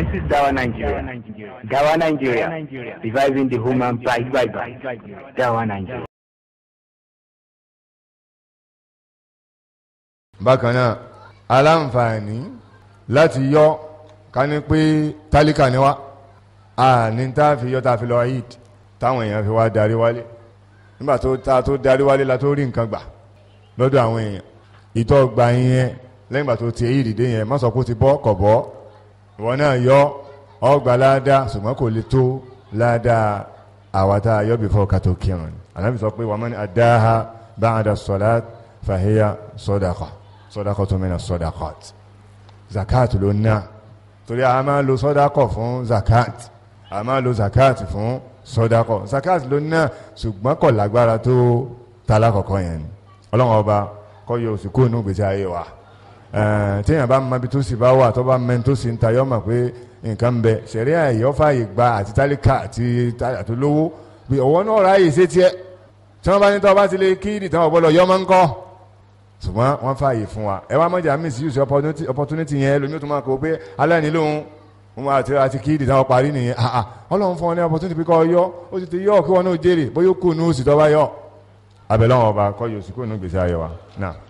This is Dawa Nigeria. Dawa Nigeria. Reviving the human by Bible. Dawa Nigeria. Bákan náà, aláǹfààní láti yọ ká ní pé tálíkà ni wá. Àní tá a fi yọ tá a fi lọ Eid táwọn èèyàn fi wá darí wálé. Nígbà tó ta tó darí wálé la tó rí nǹkan gbà lọ́dọ̀ àwọn èèyàn. Ìtọ́ gbà yẹn lẹ́yìn ìgbà tó ti èyí dìde yẹn má sọ pé ó ti bọ́ kọ̀ bọ́ ìwọ náà yọ ọgbà ládàá ṣùgbọ́n kò lè tó ládàá àwa yọ before ká tó kírun Ànábì sọ pé waman addaha ba'da salat fahiya sadaqa sadaqatu mina sadaqat zakat ló ná torí a máa lo sadaqa fún zakat a máa lo zakat fún sadaqa zakat ló ná ṣùgbọ́n kò lágbára tó tala kọ̀ọ̀kan yẹn ọlọ́run ọba kó yọ òsìkò nù gbèsè ayé wa téèyàn bá mọ ibi tó sì bá wà tó bá mẹ́ni tó sì ń ta yọ mọ̀ pé nǹkan bẹ sẹ̀rí àyè fààyè gba àti tálíkà àti àtolówó bí ọ̀wọ́ náà ráàyè ṣe tiẹ̀ tí wọ́n bá ní tọ́ bá ti lè kí ìdìtàn ọ̀gbọ́dọ̀ yọ máa ń kọ́ ṣùgbọ́n wọ́n fààyè fún wa ẹ wá mọ̀jà misuse opportunity yẹn lómi tó máa kó pé aláìní lóhun wọn àti àti kí ìdìtàn ọ parí nìyẹn àà ah, ah. ọlọ́run fún ọ ní opportunity bí kò yọ ó sì ti yọ kí wọn náà jèrè bóyá ó kù ní oṣù tó bá yọ abẹ́lẹ́ wọn ọba kọ́ yóò sì kù ní gbèsè ayọ̀ wa náà.